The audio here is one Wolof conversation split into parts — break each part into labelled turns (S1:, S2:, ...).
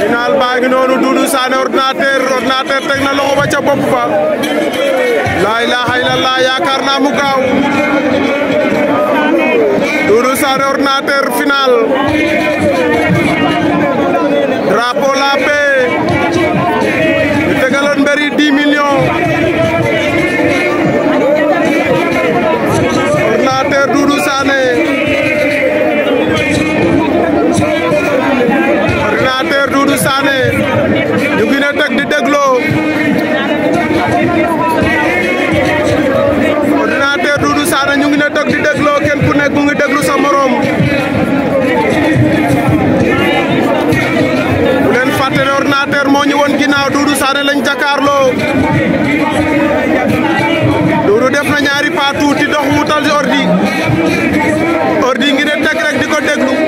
S1: final bagi ngi noonu Doudou ordinateur ordinateur teg na loxo ba ca ba la ilaha illallah yaakaar naa mu gaaw Doudou ordinateur final drapeau la paix ordinateur Doudou Sané ñu ngi ne toog di dégloo kenn ku nekk mu ngi déglu sa morom bu leen fàtte ne ordinateur moo ñu woon ginnaaw Doudou Sané lañ jàkkaarloo Doudou def na ñaari pas tuuti dox wutal si ordi ordi ngi ne teg rek di ko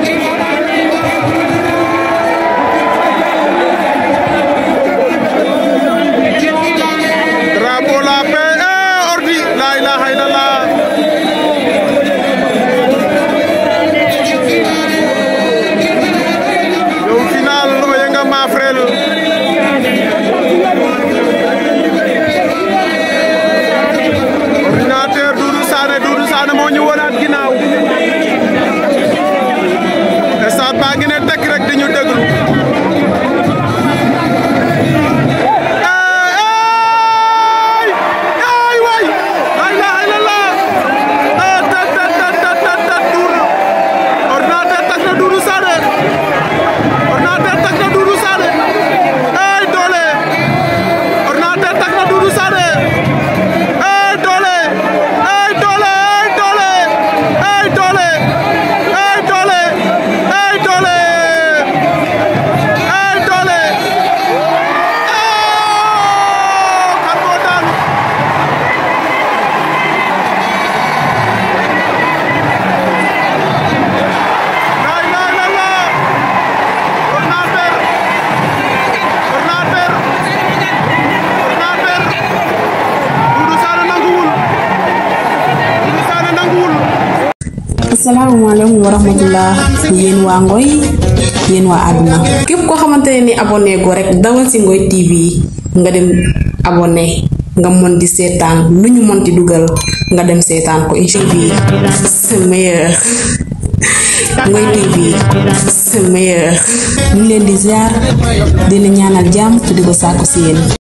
S2: salaamaaleykum wa rahmatullah yéen waa Ngoy yéen waa àdduna képp koo xamante ni abonné go rek dawal si Ngoy TV nga dem abonné nga mën di seetaan lu ñu mën di dugal nga dem seetaan ko incha allah c'est Ngoy TV c'est meilleur leen di ziar di la ñaanal jàmm te di ko sàkku si yéen.